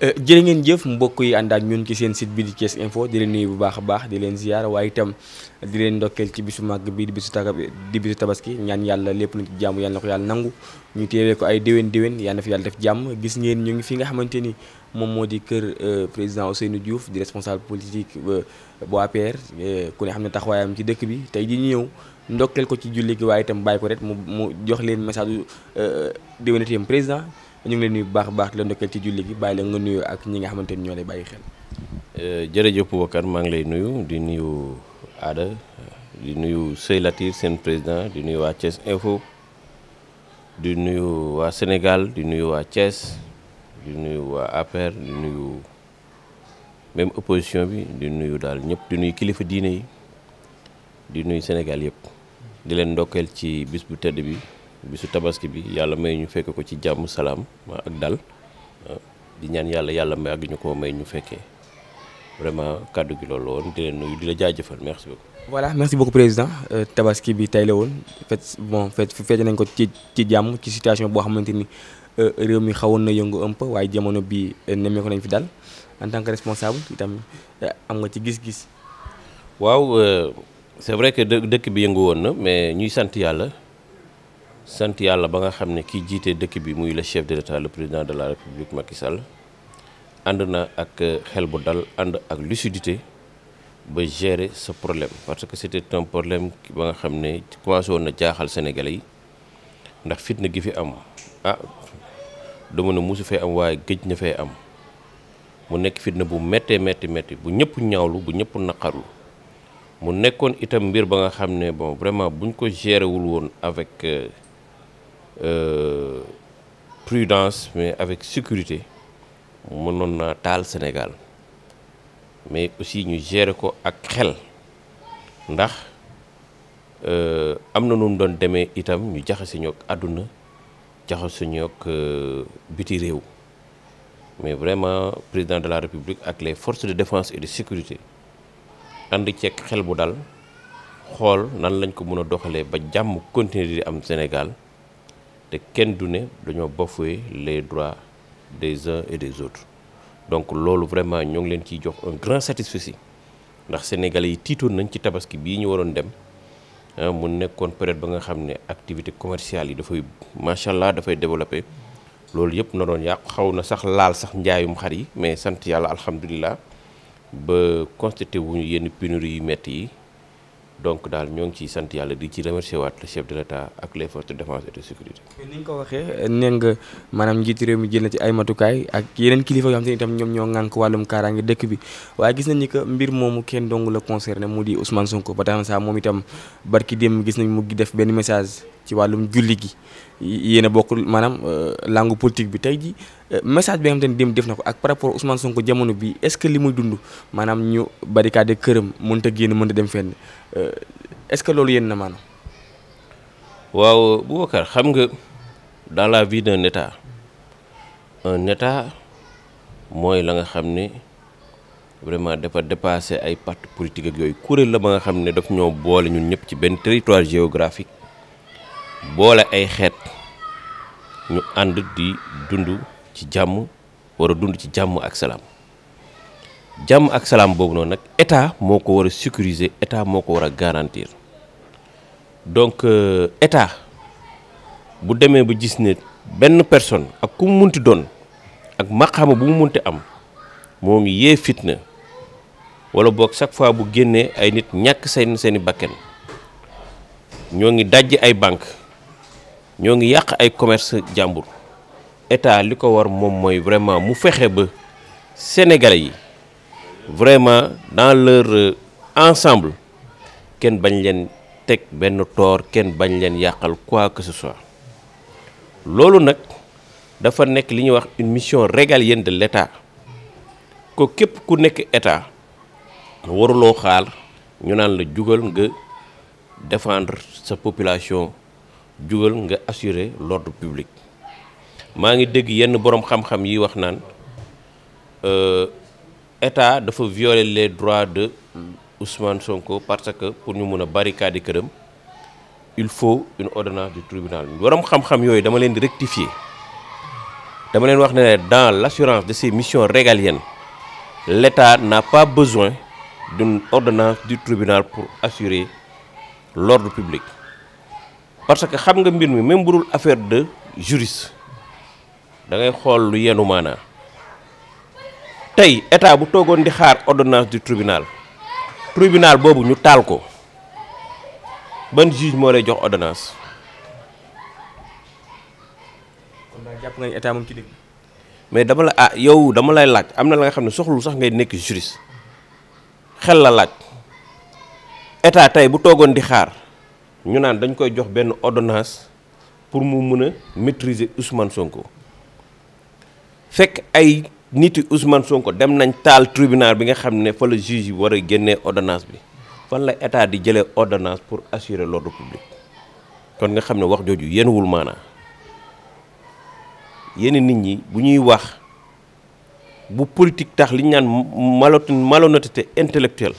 Euh, jërë ngeen jëf mbokk yi ànd ak ñun ci seen site bi di Thiès Info di leen nuyu bu baax a baax di leen ziar waaye itam di leen ndokkeel ci bisu màgg bi di bisu taga di bisu tabaski ñaan yàlla lépp lu jàmm yàlla na ko yàlla nangu ñu ko ay déwén déwén yàlla na fi yàlla def jàmm gis ngeen ñu ngi fi nga xamante ni moom moo di kër euh, président seenu Diouf di responsable politique euh, bu APR ku ne xam ne taxawaayam ci dëkk bi tey di ñëw ndokkeel ko ci julli gi waaye itam bàyyi ko rek mu mu jox leen message déwénati yam président ñu ngi leen nuyu bu baax baax di la ndokkeel ci julli gi bàyyi la nga nuyu ak ñi nga xamante ni ñoo lay bàyyi xel. jërëjëf Boubacar maa ngi lay nuyu di nuyu Aada di nuyu Sey Latir seen président di nuyu waa Thiès Info di nuyu waa Sénégal di nuyu waa Thiès di nuyu waa APR di nuyu même opposition bi di nuyu daal ñëpp di nuy kilifa diine yi di nuyu Sénégal yëpp di leen ndokkeel ci bis bu tëdd bi. bisu tabaski bi yàlla may ñu fekke ko ci jàmm salaam ak dal ah, di ñaan yàlla yàlla may ak ñu ko may ñu fekkee vraiment kàddu gi loolu woon di leen nuyu di la jëfal merci beaucoup. voilà merci beaucoup président euh, tabaski bi tey la woon fet bon fet fete nañ ko ci ci jàmm ci situation boo xamante ni euh, réew mi xawoon na yëngu ëmp waaye jamono bi euh, nemmeeku nañ fi dal en tant que responsable itam am nga ci gis-gis. waaw c'est vrai que dëkk bi yëngu woon na mais ñuy sant yàlla. sant yàlla ba nga xam ne ki jiite dëkk bi muy la chef de l'État le président de la République Macky Sall ànd na ak xel bu dal ànd ak lucidité ba gérer sa problème parce que c'était un problème ba nga xam ne commencé na jaaxal Sénégalais yi ndax fitna gi fi am ah dama ne mosu fee am waaye géej na fay am mu nekk fitna bu méttee métti métti bu ñëpp ñaawlu bu ñëpp naqarlu mu nekkoon itam mbir ba nga xam ne bon vraiment buñ ko géré woon avec euh, euh, prudence mais avec sécurité noon naa taal Sénégal mais aussi ñu gérer ko ak xel ndax euh, am na nu mu doon demee itam ñu jaxase ñoog àdduna jaxase ñoog euh, biti réew mais vraiment président de la République ak les force de défence et de sécurité ànd ceeg xel bu dal xool nan lañ ko mën a doxalee ba jàmm continuer di am Sénégal. te kenn du ne dañoo bafouer les droits des uns et des autres donc loolu vraiment ñoo ngi leen ciy jox un grand satisfecit ndax sénégalais yi tiitoon nañ ci tabaski bii ñu waroon dem ah, mu nekkoon période ba nga xam ne activité commerciale yi dafay macha allah dafay développé loolu yëpp na doon yàqu xaw na sax laal sax njaayum xar yi mais sant yàlla alhamdulilah ba constaté wuñu yenn pénurie yu métti yi. donc daal ñoo ngi ciy sant yàlla di ci remercier waat le chef de l'État ak les forces de défense et sécurité. ni nga ko waxee nee nga maanaam njiitu réew mi jël na ci ay matukaay ak yeneen kilifa yoo xam te ne ñoom ñoo ŋànk wàllum kaaraange dëkk bi waaye gis nañ ni que mbir moomu kenn dong la concerné mu di Ousmane Sonko ba tax na sax moom itam barki démb gis nañ mu def benn message ci wàllum julli gi. yéen a bokk maanaam euh, langue politique bi tey ji euh, message bi nga xam te ne dem def na ko ak par rapport Ousmane Sonko jamono bi est-ce que li muy dund maanaam ñu barricade këram mënut a génn mënut a dem fenn euh, est-ce que loolu yéen na maanaam. waaw Boubacar xam nga dans la vie d'un état un mooy la nga xam ne vraiment dafa dépassé ay parti politique ak yooyu kuréel la ba nga xam ne daf ñoo boole ñun ñëpp ci benn territoire géographique. boole ay xeet ñu ànd di dund ci jàmm war dund ci jàmm ak salaam jàmm ak salaam boobu noonu nag état moo ko war a sécuriser état moo ko war a garantir donc euh, état bu demee ba gis ne benn personne ak ku munti doon ak maqaama bu munti am moo ngi yee fitna wala boog chaque fois bu génnee ay nit ñàkk seen seeni bakken ñoo ngi dajj ay banque ñoo ngi yàq ay commerce jàmbur état li ko war moom mooy vraiment mu fexe ba sénégalais yi vraiment dans leur ensemble kenn bañ leen teg benn toor kenn bañ leen yàqal quoi que ce soit loolu nag dafa nekk li ñuy wax une mission régalienne de l'état ko képp ku nekk état waruloo xaal ñu naan la jugal nga défendre sa population jugal nga assurer l'ordre public maa ngi dégg yenn boroom xam-xam yi wax naan euh, état dafa violer les droits de Ousmane Sonko parce que pour ñu mun a barricade këram il faut une ordonnance du tribunal boroom xam-xam yooyu dama leen di rectifier dama leen wax ne dans l'assurance de ses missions régaliennes l'État n'a pas besoin d'une ordonnance du tribunal pour assurer l'ordre public parce que xam nga mbir mi même bu dul affaire de juriste dangay xool lu yenu maanaa tey état bu toogoon di xaar ordonnance du tribunal tribunal boobu ñu taal ko ban juge moo lay jox ordonnance. kon daal jàpp nga ni état mais dama la ah yow dama lay laaj am na la nga xam ne soxlu sax ngay nekk juriste xel la laaj état tey bu toogoon di xaar. ñu naan dañ koy jox benn ordonnance pour mu mën a maîtriser Ousmane Sonko fekk ay niti Ousmane Sonko dem nañ taal tribunal bi nga xam ne fa la juge yi war a génnee ordonnance bi fan la état di jëlee ordonnance pour assurer l'ordre public kon nga xam ne wax jooju yéen wul maana yéen nit ñi bu ñuy wax bu politique tax li ñu naan malot malhonnêteté intellectuelle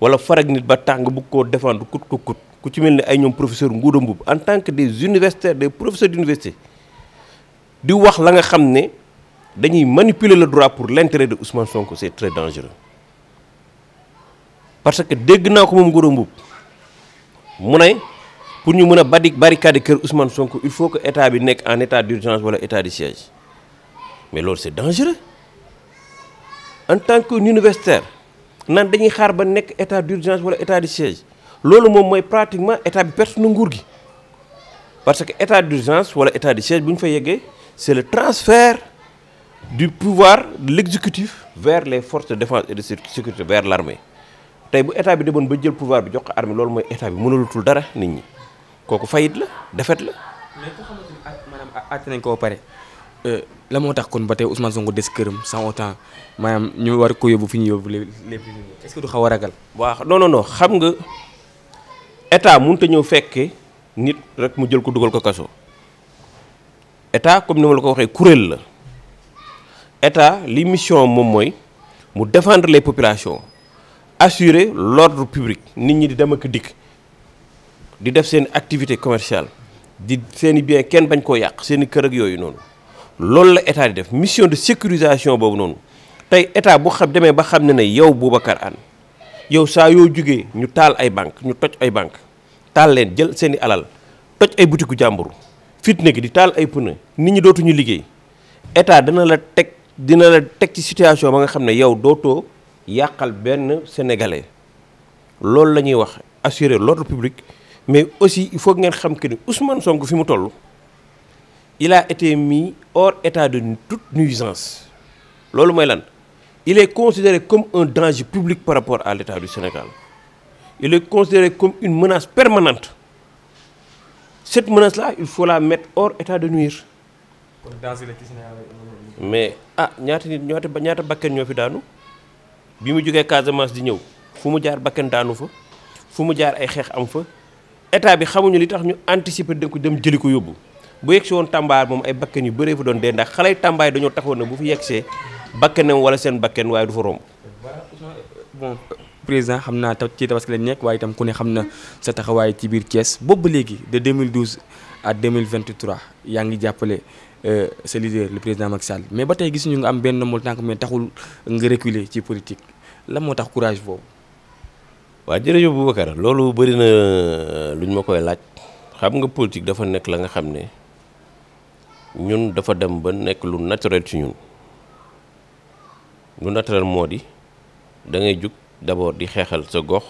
wala farag nit ba tax nga bëgg koo défendre kut kut kut ku ci mel ni ay ñoom professeur Ngouda Mboup en tant que des universitaires des professeurs d'université di wax la nga xam ne dañuy manipule le droit pour l'intérêt de Ousmane Sonko c'est très dangereux parce que dégg naa ko moom Ngouda Mboup mu ne pour ñu mën a badi barricade kër Ousmane Sonko il faut que état bi nekk en état d'urgence wala état de siège mais loolu c'est dangereux en tant que universitaire naan dañuy xaar ba nekk état d'urgence wala état de loolu moom mooy pratiquement état bi perte na nguur gi parce que état d'urgence wala état de siège bu ñu fa yeggee c'est le transfert du pouvoir de l'exécutif vers les forces de défense et de sécurité vers l'armée tey bu état bi demoon ba jël pouvoir bi jox ko armée loolu mooy état bi mënulatul dara nit ñi kooku fayit la defet la. mais ku xamante maanaam àtte nañ ko ba pare. Euh, la moo tax kon ba tey Ousmane Sonko des këram sans autant maanaam ñu war ko yóbbu fi ñu yóbbu lépp est-ce que ragal. état mënut a ñëw fekke nit rek mu jël ko dugal ko kaso état comme ni ma la ko waxee kuréel la état li mission moom mooy mu défendre les populations assurer l'ordre public nit ñi di dem ak dikk di def seen activité commerciale di seen i bien kenn bañ koo yàq seen i kër ak yooyu noonu loolu la état di def mission de sécurisation boobu noonu tey état bu xam demee ba xam ne ne yow Boubacar Anne yow saa yoo jógee ñu taal ay banque ñu toj ay banque taal leen jël seeni alal toj ay butiku jàmbur fitna gi di taal ay pneu nit ñi dootuñu liggéey état dina la teg dina la teg ci situation ba nga xam ne yow dootoo yàqal benn sénégalais loolu la ñuy wax assurer l'ordre public mais aussi il faut ngeen xam que ni Ousmane sonk fi mu toll il a été mis hors état de toute nuisance loolu mooy lan il est considéré comme un danger public par rapport à l'état du Sénégal il est comme une menace permanente cette menace la il faut or mettre hors état de nuire. mais ah ñaata nit ñaata ba ñaata bakken ñoo fi daanu bi mu jógee Casamance di ñëw fu mu jaar bakken daanu fa fu mu jaar ay xeex am fa état bi xamuñu li tax ñu anticiper dañ ko dem jëli ko yóbbu bu yegsi woon Tamba moom ay bakken yu bëree fa doon dee ndax xale yu Tamba dañoo taxoon ne bu fi yegsee bakkenam wala seen bakken waaye du fa romb. président xam naa taw ci tabaski lañ nekk waaye itam ku ne xam na sa taxawaay ci biir cees boobu ba léegi de 2012 à 2023 yaa ngi jàppale euh, sa leader le président Macky mais ba tey gisuñu nga am benn nombre tànk mais taxul nga reculer ci politique lan moo tax courage boobu. waaw jërëjëf Boubacar loolu bëri na euh, lu ñu ma koy laaj xam nga politique dafa nekk la nga xam ne ñun dafa dem ba nekk lu naturel ci ñun lu naturel moo di jug. d'abord di xeexal sa gox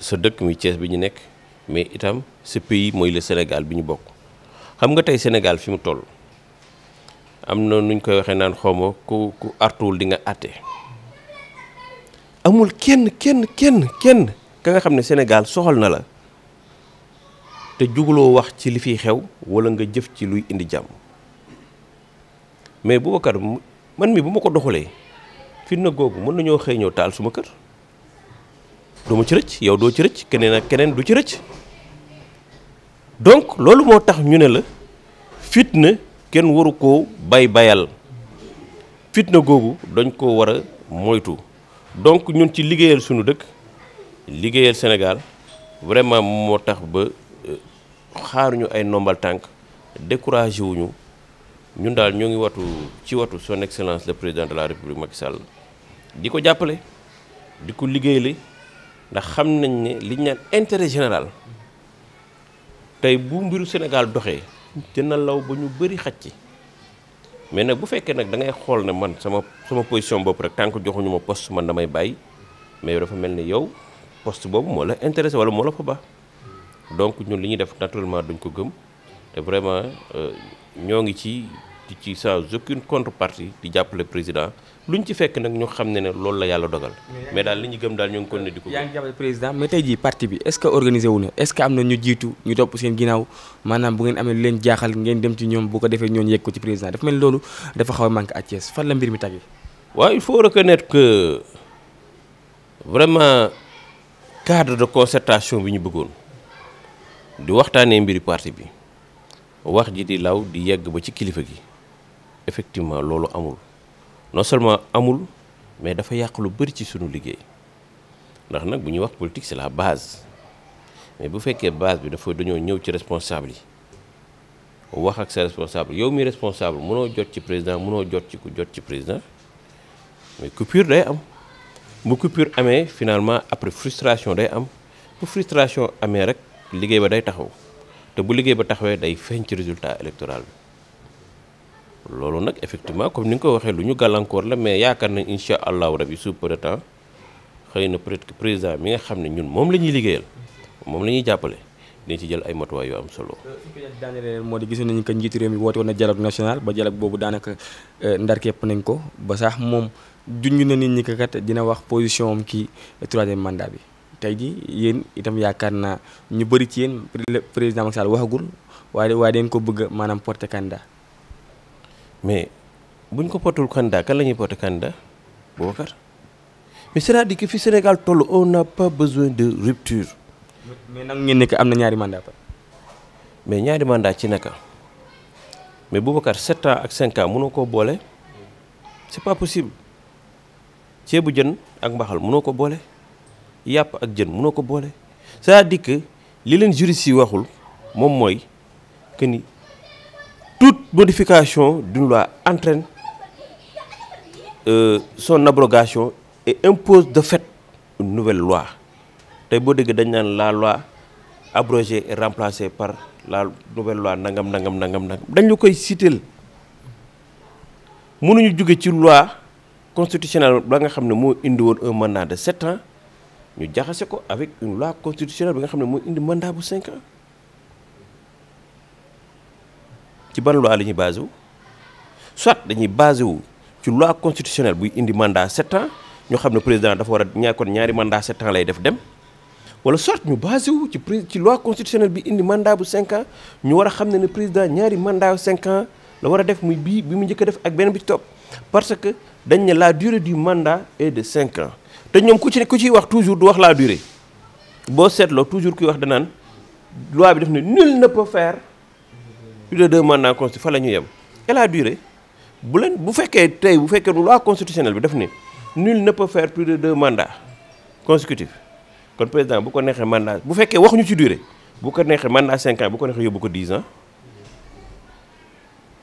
sa dëkk muy Thiès bi ñu nekk mais itam sa pays mooy le Sénégal bi ñu bokk xam nga tey Sénégal fi mu toll am na nuñ koy waxee naan xawma ku ku artuwul di nga àtte amul kenn kenn kenn kenn ka nga xam ne Sénégal soxal na la te juguloo wax ci li fiy xew walla nga jëf ci luy indi jàmm mais Boubacar man mi bu ma ko doxalee fitna googu mën nañoo xëy ñëw taal suma kër duma ci rëcc yow doo ci rëcc keneen ak keneen du ci rëcc donc loolu moo tax ñu ne la fitna kenn waru koo bay bayal fitna googu dañ ko war a moytu donc ñun ci liggéeyal suñu dëkk liggéeyal Sénégal vraiment moo tax ba euh, xaaruñu ay ndombal tànk découragé wuñu ñun daal ñoo ngi watu ci watu son excellence le président de la république Macky Sall di ko jàppale di ko liggéeyale ndax xam nañ ne liñ ne intérêt général tey bu mbiru Sénégal doxee na law ba ñu bëri xaj ci mais nag bu fekkee nag da ngay xool ne man sama sama position bopp rek tant que joxuñu ma poste man damay bàyyi mais yow dafa mel ni yow post boobu moo la intéressé wala moo la fa baax donc ñun li ñuy def naturellement duñ ko gëm te vraiment euh, ñoo ngi ci ci sans contre contrepartie di jàppale président luñ ci fekk nag ñu xam ne ne loolu la yàlla dogal mais daal li ñu gëm daal ñoo ngi kon ne di ko yaa ngi tey jii parti bi est-ce que organisé wu na est-ce que am na ñu jiitu ñu topp seen ginnaaw maanaam bu ngeen amee lu leen jaaxal ngeen dem ci ñoom bu ko defee ñoon yegg ko ci président dafa mel loolu dafa xaw a manqué à Thiès fan la mbir mi tàggee waaw il faut reconnaître que vraiment cadre de concertation bi ñu bëggoon di waxtaanee mbiri parti bi wax ji di law di yegg ba ci kilifa gi effectivement loolu amul non seulement amul mais dafa yàq lu bëri ci sunu liggéey ndax nag bu ñuy wax politique si la base mais bu fekkee base bi dafa dañoo ñëw ci responsable yi wax ak sa responsable yow mi responsable mënoo jot ci président mënoo jot ci ku jot ci président mais coupure day am bu coupure amee finalement après frustration day am bu frustration amee rek liggéey ba day taxaw te bu liggéey ba taxawee day feeñ ci résultat électoral loolu nag effectivement comme ni nga koy waxee lu ñu gàllankoor la mais yaakaar nañ incha allahu rabi sous peu de temps xëy na peut être président mi nga xam ne ñun moom la ñuy liggéeyal moom la ñuy jàppale dañ ci jël ay matuwaay yu am solo. fi euh, moo di gis nañu que njiitu réew mi woote woon na dialogue national ba boobu daanaka euh, ndar képp nañ ko ba sax moom junj na nit ñi que kat dina wax position am kii troisième mandat bi tey ji yéen itam yaakaar naa ñu bëri ci yéen président Macky Sall waxagul waaye waaye dañ ko bëgg maanaam porte candidat. mais buñ ko potul candidat kan la ñuy porté candidat Boubacar mais c'est-à-dire fi Sénégal toll on n'a pas besoin de rupture. mais nag ngeen nekk am na ñaari mandat mais ñaari mandat ci nekka mais Boubacar 7 ans ak 5 ans mënoo koo boole c'est pas possible ceebu jën ak mbaxal mënoo ko boole yàpp ak jën mënoo ko boole c'est-à-dire li leen juriste yi waxul moom mooy que toute modification d'une loi entraîne euh, son abrogation et impose de fait une nouvelle loi tey boo déggee dañ naan la loi abrogée et remplacée par la nouvelle loi nangam nangam nangam nangam dañ la koy siiteel mënuñu jóge ci loi constitutionnelle ba nga xam ne moo indi woon un mandat de sept ans ñu jaxase ko avec une loi constitutionnelle bi nga xam ne moo indi mandat bu cinq ans ci ban loi la ñuy basé wu soit dañuy basé wu ci loi constitutionnelle buy indi mandat sept ans ñu xam ne président dafa war a ñaar kon ñaari mandat sept lay def dem wala soit ñu basé wu ci pris ci loi constitutionnelle bi indi mandat bu cinq ans ñu war a xam ne ne président ñaari mandat cinq ans la war a def muy bii bi mu njëkk a def ak benn bi ci topp parce que dañ ne la durée du mandat est de cinq ans te ñoom ku ci ku ciy wax toujours du wax la durée boo seetloo toujours kuy wax danaan loi bi def ne nul ne peut plus de deux mandats constitutionnels fa la ñu yem et la durée bu leen bu fekkee tey bu fekkee loi constitutionnelle bi daf ni nul ne peut faire plus de deux mandats consécutifs kon président bu ko neexee mandat bu fekkee waxuñu ci durée bu ko neexee mandat cinq ans bu ko neexee yóbbu ko dix ans.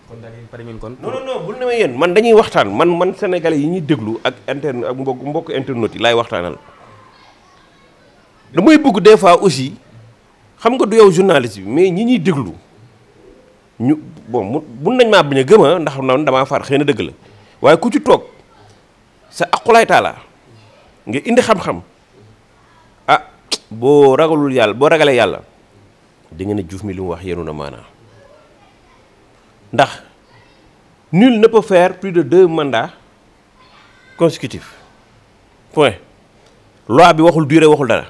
kon da ngeen ne ma man dañuy waxtaan man man sénégalais yi ñuy déglu ak internet ak mbokk mbokk internautes yi laay waxtaanal. damay bëgg des fois aussi xam nga du yow journaliste bi mais ñi ñuy déglu. ñu bon mu mun nañ maa bañ a gëm ndax man damaa far xëy na dëgg la waaye ku ci toog sa aqulaay taala nga indi xam-xam ah boo ragalul yàlla boo ragalee yàlla di ngeen a juuf mi li mu wax yenu na maanaa ndax nul ne peut faire plus de deux mandats consécutifs point loi bi waxul durée waxul dara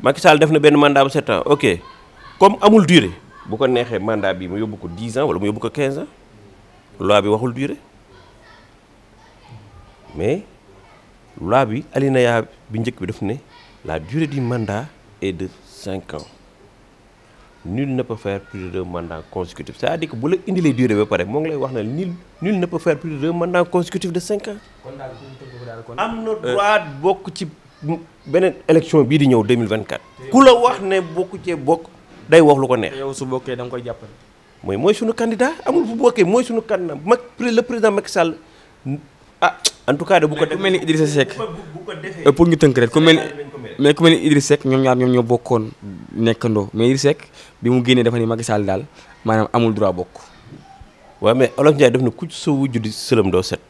Macky Sall def na benn mandat bu sept ok comme amul durée bu ko neexee mandat bi mu yóbbu ko 10 ans wala mu yóbbu ko 15 ans loi bi waxul durée mais loi bi alinéa bi njëkk bi daf ne la durée di mandat est de cinq ans nul ne peut faire plus de deux mandats consécutifs cest bu la indilee durée ba pare moo ngi lay wax na nul nul ne peut faire plus de deux mandats consécutifs de 5 ans. am na droit bokk ci beneen élection bii di ñëw 2024. ku la wax ne bokku cee bokk. day wax lu ko neex. yow su bokkee da koy jàppale. mooy mooy suñu candidat amul bu bokkee mooy suñu candidat mag le président Macky Sall ah en tout cas de bu ko. ku mel ni Idrissa Seck euh, pour ñu tënk rek ku mel mais ku mel ni Idrissa Seck ñoom ñaar ñoom ñoo bokkoon nekkandoo mais Idrissa Seck bi mu génnee dafa ni Macky daal maanaam amul droit bokk. waaw mais Olof Ndiaye def na ku sa wujju di sëlëm doo set.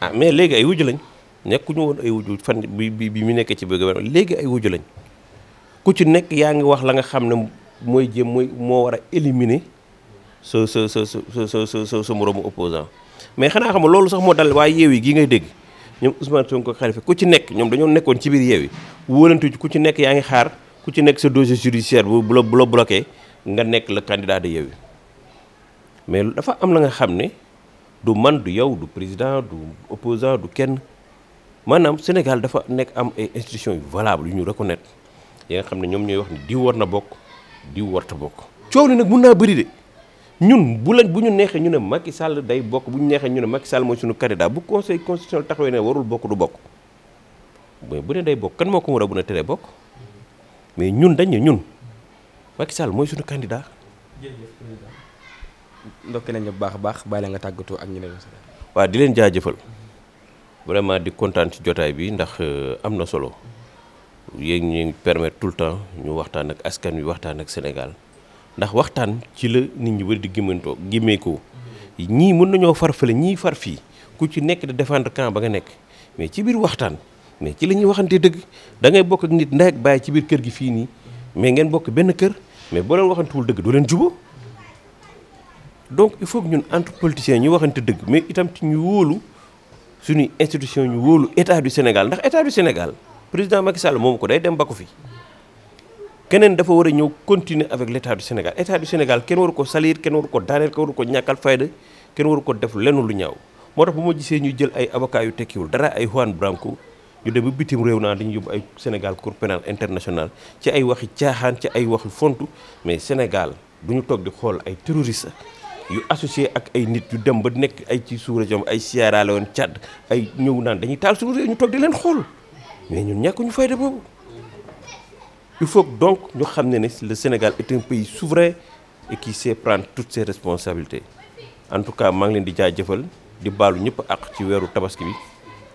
ah mais léegi ay wujju lañ ñu woon ay wujju fan bi bi bi mu nekk ci biir léegi ay wujju lañ. ku ci nekk yaa ngi wax la nga xam ne mooy jëm mooy moo war a éliminer sa sa sa sa sa sa sa moroomu opposant mais xanaa xam nga loolu sax moo dal waaye yeew yi gii ngay dégg ñoom Ousmane Sonko Khalifa ku ci nekk ñoom dañoo nekkoon ci biir yeew yi wóolantu ku ci nekk yaa ngi xaar ku ci nekk sa dossier judiciaire bu bu la bulo la nga nekk la candidat de yeew yi mais dafa am la nga xam ne du man du yow du président du opposant du kenn maanaam Sénégal dafa nekk am ay institutions yu valable yu ñu reconnaître ñi nga xam ne ñoom ñooy wax ni diw war na bokk diw warta bokk coow li nag mun naa bari de ñun bu lañ bu ñu neexee ñu ne Macky sàll day bokk bu ñu neexee ñu ne Macky Sall mooy suñu candidat bu conseil constitutionnel taxawee ne warul bokk du bokk mais bu day bokk kan moo war a mën a teree bokk mais ñun dañ ne ñun Macky sàll mooy suñu candidat. jërëjëf président ndokkee nañ bu baax a baax bàyyi nga tàggatoo ak ñi ne waaw di leen jaajëfal vraiment di kontaan ci jotaay bi ndax euh, am na solo. yéen ñu permettre tout temps ñu waxtaan ak askan wi waxtaan ak Sénégal ndax waxtaan ci la nit ñi war di gimantoo gimeekoo ñii mën nañoo far fële ñii far fii ku ci nekk di défendre camp ba nga nekk mais ci biir waxtaan mais ci la ñuy waxante dëgg da ngay bokk ak nit ndey ak bàyyi ci biir kër gi fii nii mais ngeen bokk benn kër mais boo leen waxantuwul dëgg doo leen jubo donc il faut ñun entre politiciens ñu waxante dëgg mais itam ci ñu wóolu suñuy institution ñu wóolu état du Sénégal état du Sénégal président Macky Sall moomu ko day dem ba ko fi keneen dafa war a ñëw continuer avec l' du Sénégal état du Sénégal kenn waru ko salir kenn waru ko daaneel kenn waru ko ñàkkal fayda kenn waru ko def lenn lu ñaaw moo tax bu ma gisee ñu jël ay avocats yu tekkiwul dara ay Juan Branco ñu dem ba bitim réew naa dañu yóbbu ay Sénégal cour pénale internationale ci ay waxi caaxaan ci ay waxi fontu mais Sénégal duñu ñu toog di xool ay terroriste yu associé ak ay nit yu dem ba nekk ay ci sous-région ay Sierra Leone Tchad ay ñëw naan dañuy taal suñu ñu toog di leen xool mais ñun ñàkkuñu fayda boobu il faut donc ñu xam ne ne le Sénégal est un pays souverain et qui sait prendre toutes ses responsabilités en tout cas maa ngi leen di jaay jëfal di baalu ñëpp ak ci weeru tabaski bi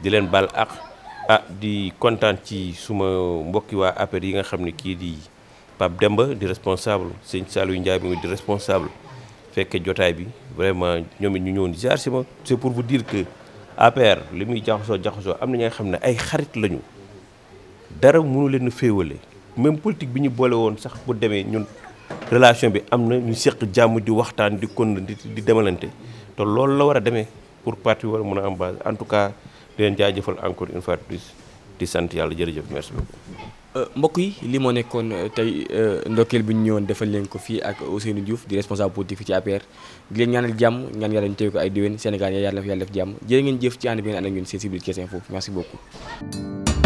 di leen baal ak ah di kontaan ci suma mbokki waa APR yi nga xam ne kii di Pape Demba di responsable sëñ Saliou Ndiaye moom di responsable fekke jotaay bi vraiment ñoom it ñu ñëwoon ziar si ma c'est pour bu diir que APR li muy jaxasoo jaxasoo am na ñi xam ne ay xarit lañu. dara mënu leen a féewale même politique bi ñu boole woon sax bu demee ñun relation bi am na ñu seq jàmm di waxtaan di kon di di demalante te loolu la war a demee pour parti war a mën a am base en tout cas di leen jaajëfal encore une di sant yàlla jërëjëf merci beaucoup. Euh, mbokk yi li moo nekkoon euh, tey euh, ndokkeel bi ñu ñëwoon defal leen ko fii ak Ousseynou Diouf di responsable politique fii ci APR di leen ñaanal jàmm ñaan yàlla ñu teew ko ay déwén Sénégal yaa yàlla def yàlla